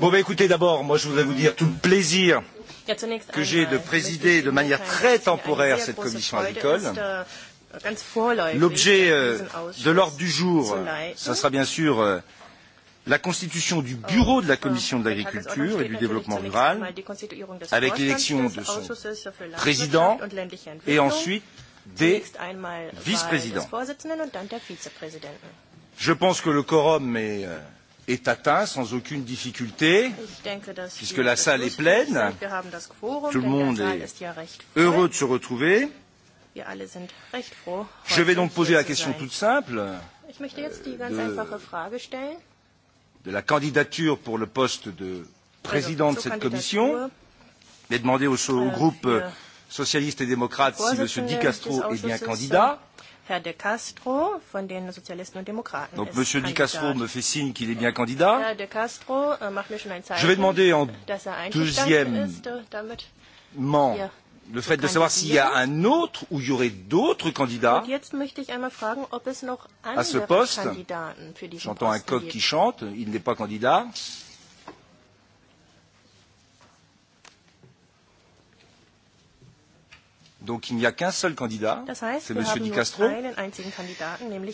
Bon, bah, écoutez, d'abord, moi, je voudrais vous dire tout le plaisir que j'ai de présider de manière très temporaire cette commission agricole. L'objet euh, de l'ordre du jour, ce sera bien sûr euh, la constitution du bureau de la commission de l'agriculture et du développement rural, avec l'élection de son président et ensuite des vice-présidents. Je pense que le quorum est euh, est atteint sans aucune difficulté, puisque la salle est pleine. Tout le monde est heureux de se retrouver. Je vais donc poser la question toute simple euh, de, de la candidature pour le poste de président de cette commission et demander au, au euh, groupe socialiste et démocrate, si M. Di Castro est bien candidat. Herr de Castro von den Sozialisten und Demokraten. Donc Monsieur Di Castro me fait signe qu'il est bien candidat. Herr de Castro äh, macht mir schon ein Zeichen, Je vais demander en er deuxième ist, äh, man, le fait de savoir s'il y a un autre ou il y aurait d'autres candidats und jetzt möchte ich einmal fragen, ob es noch à ce poste. J'entends un coq qui chante, il n'est pas candidat. Donc il n'y a qu'un seul candidat, das heißt, c'est M. Di Castro.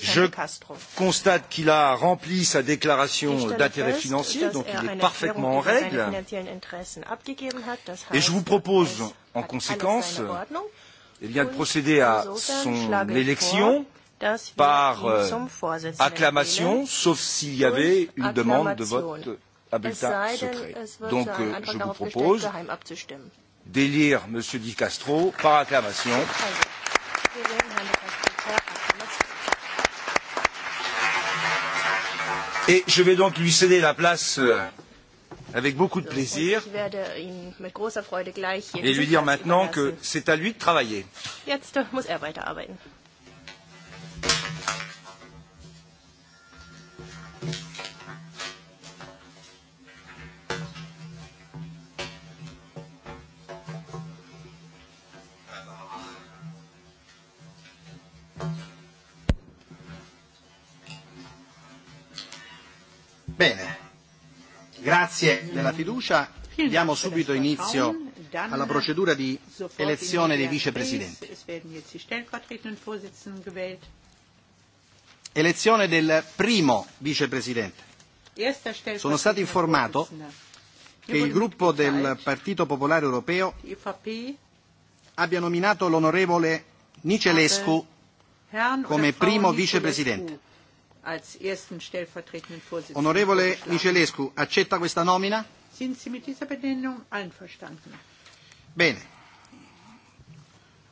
Je Castro. constate qu'il a rempli sa déclaration d'intérêt financier, donc er il est parfaitement en règle. Et je vous propose, en conséquence, eh bien, de procéder à son élection par euh, acclamation, sauf s'il y avait une demande de vote à bulletin secret. Donc euh, je vous propose d'élire M. Di Castro par acclamation. Et je vais donc lui céder la place euh, avec beaucoup de plaisir et lui dire maintenant que c'est à lui de travailler. Bene, grazie della fiducia. Diamo subito inizio alla procedura di elezione dei vicepresidenti. Elezione del primo vicepresidente. Sono stato informato che il gruppo del Partito Popolare Europeo abbia nominato l'onorevole Nicelescu come primo vicepresidente. Onorevole Michelescu, accetta questa nomina? Sind Sie mit dieser Benennung einverstanden? Bene.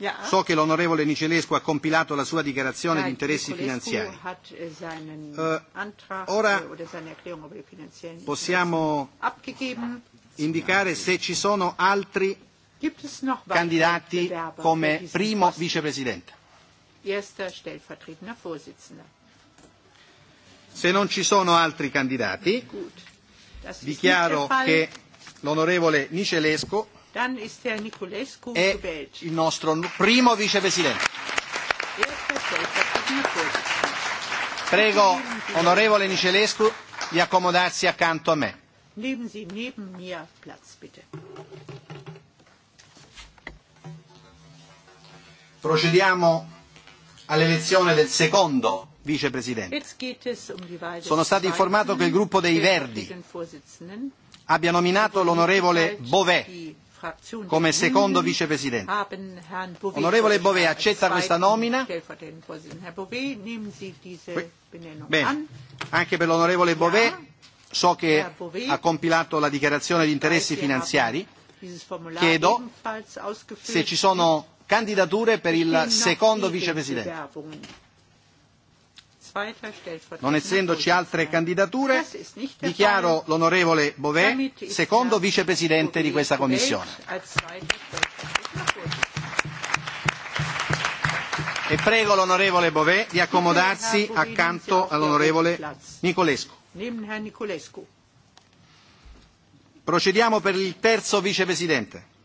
Ja. So che l'onorevole Nicelescu ha compilato la sua dichiarazione ja, di interessi finanziari. Hat eh, seinen uh, Antrag ora eh, oder seine Erklärung über die finanziellen possiamo abgegeben. indicare se ci sono altri Gibt es noch candidati come primo vicepresidente. Erster stellvertretender Vorsitzender. Se non ci sono altri candidati, dichiaro che l'onorevole Nicelesco è il nostro primo vicepresidente. Prego, onorevole Nicelescu, di accomodarsi accanto a me. Procediamo all'elezione del secondo Vicepresidente. Um sono stato informato che il gruppo dei Verdi abbia nominato l'onorevole Bové come secondo vicepresidente. Onorevole Bové, accetta questa nomina? Bene, anche per l'onorevole Bové so che ha compilato la dichiarazione di interessi finanziari. Chiedo se ci sono candidature per il secondo vicepresidente. Non essendoci altre candidature, dichiaro l'onorevole Bové secondo vicepresidente di questa commissione. E prego l'onorevole Bové di accomodarsi accanto all'onorevole Nicolescu. Procediamo per il terzo vicepresidente.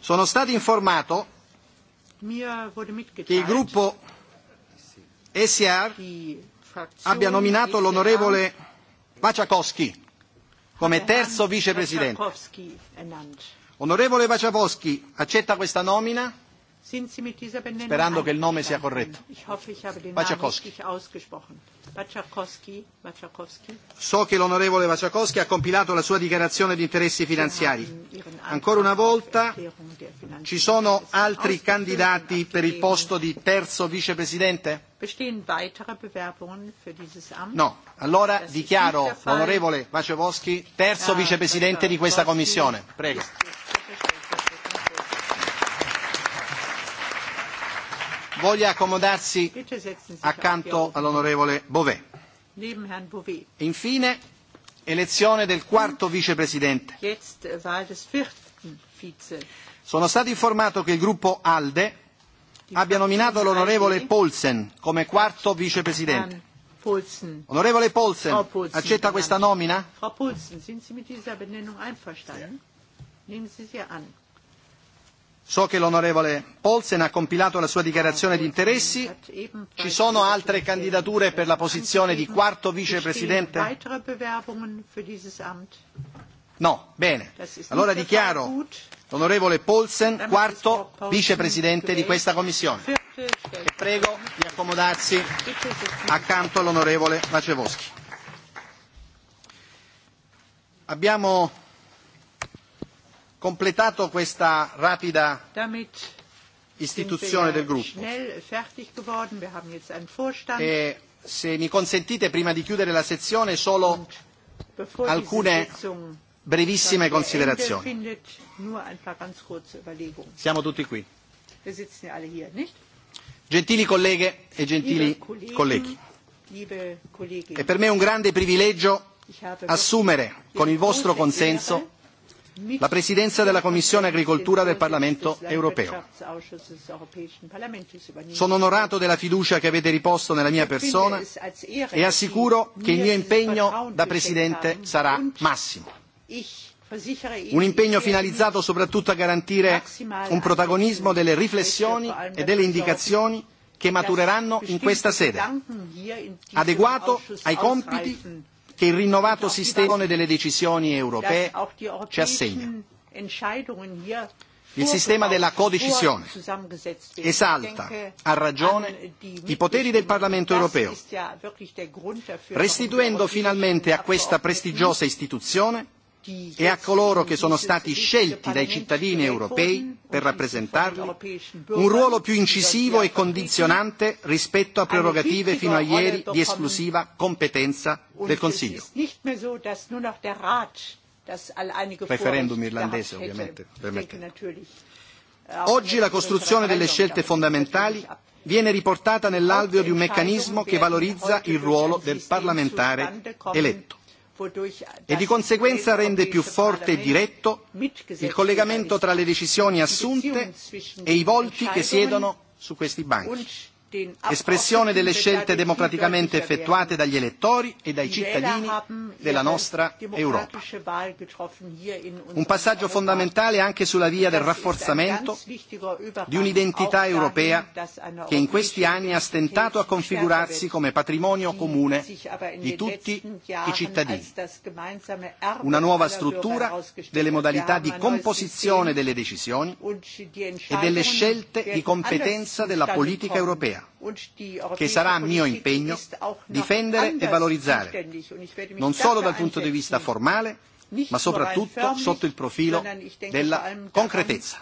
Sono stato informato che il gruppo SR abbia nominato l'onorevole Vaciakowski come terzo vicepresidente. E Onorevole Vaciakowski, accetta questa nomina? Sperando che il nome sia corretto. Vaciakowski. So che l'onorevole Vaciakowski ha compilato la sua dichiarazione di interessi finanziari. Mm, ah, Ancora una volta ci sono altri candidati per il posto di terzo vicepresidente? No, allora dichiaro l'onorevole Vaciakowski terzo ah, vicepresidente di questa commissione. Prego. voglia accomodarsi accanto all'onorevole Bovè. Infine, elezione del quarto vicepresidente. Äh, Sono stato informato che il gruppo ALDE abbia nominato l'onorevole Polsen come quarto vicepresidente. Onorevole Polsen, accetta questa nomina? Frau Polsen, sind Sie mit dieser Benennung einverstanden? Nehmen Sie sie an. So che l'onorevole Polsen ha compilato la sua dichiarazione di interessi. Ci sono altre candidature per la posizione di quarto vicepresidente? No, bene. Allora dichiaro l'onorevole Polsen quarto vicepresidente di questa commissione. E prego di accomodarsi accanto all'onorevole Macevoschi. Abbiamo completato questa rapida istituzione del gruppo. E se mi consentite, prima di chiudere la sezione, solo alcune brevissime considerazioni. Siamo tutti qui. Gentili colleghe e gentili colleghi, è per me un grande privilegio assumere con il vostro consenso la Presidenza della Commissione Agricoltura del Parlamento europeo. Sono onorato della fiducia che avete riposto nella mia persona e assicuro che il mio impegno da Presidente sarà massimo. Un impegno finalizzato soprattutto a garantire un protagonismo delle riflessioni e delle indicazioni che matureranno in questa sede, adeguato ai compiti che il rinnovato sistema delle decisioni europee ci assegna. Il sistema della codecisione esalta a ragione i poteri del Parlamento europeo, restituendo finalmente a questa prestigiosa istituzione e a coloro che sono stati scelti dai cittadini europei per rappresentarli un ruolo più incisivo e condizionante rispetto a prerogative fino a ieri di esclusiva competenza del Consiglio. Referendum irlandese ovviamente, permettete. Oggi la costruzione delle scelte fondamentali viene riportata nell'alveo di un meccanismo che valorizza il ruolo del parlamentare eletto e di conseguenza rende più forte e diretto il collegamento tra le decisioni assunte e i volti che siedono su questi banchi espressione delle scelte democraticamente effettuate dagli elettori e dai cittadini della nostra Europa. Un passaggio fondamentale anche sulla via del rafforzamento di un'identità europea che in questi anni ha stentato a configurarsi come patrimonio comune di tutti i cittadini. Una nuova struttura delle modalità di composizione delle decisioni e delle scelte di competenza della politica europea che sarà mio impegno difendere e valorizzare, non solo dal punto di vista formale, ma soprattutto sotto il profilo della concretezza.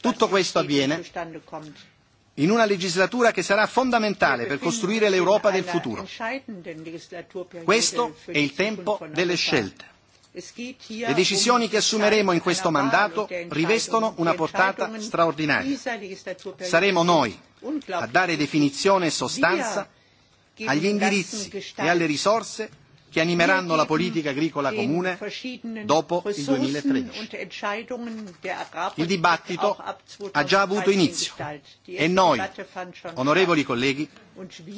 Tutto questo avviene in una legislatura che sarà fondamentale per costruire l'Europa del futuro. Questo è il tempo delle scelte. Le decisioni che assumeremo in questo mandato rivestono una portata straordinaria. Saremo noi a dare definizione e sostanza agli indirizzi e alle risorse che animeranno la politica agricola comune dopo il 2013. Il dibattito ha già avuto inizio e noi, onorevoli colleghi,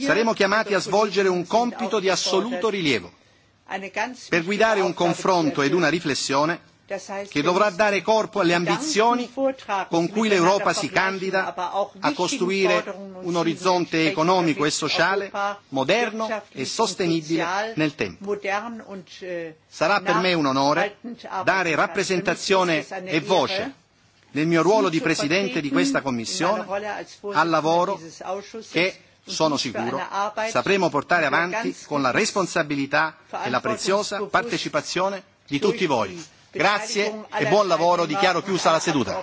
saremo chiamati a svolgere un compito di assoluto rilievo per guidare un confronto ed una riflessione che dovrà dare corpo alle ambizioni con cui l'Europa si candida a costruire un orizzonte economico e sociale moderno e sostenibile nel tempo. Äh, Sarà per me un onore dare rappresentazione e voce nel mio ruolo di Presidente di questa Commissione al lavoro che sono sicuro, sapremo portare avanti con la responsabilità e la preziosa partecipazione di tutti voi. Grazie e buon lavoro, dichiaro chiusa la seduta.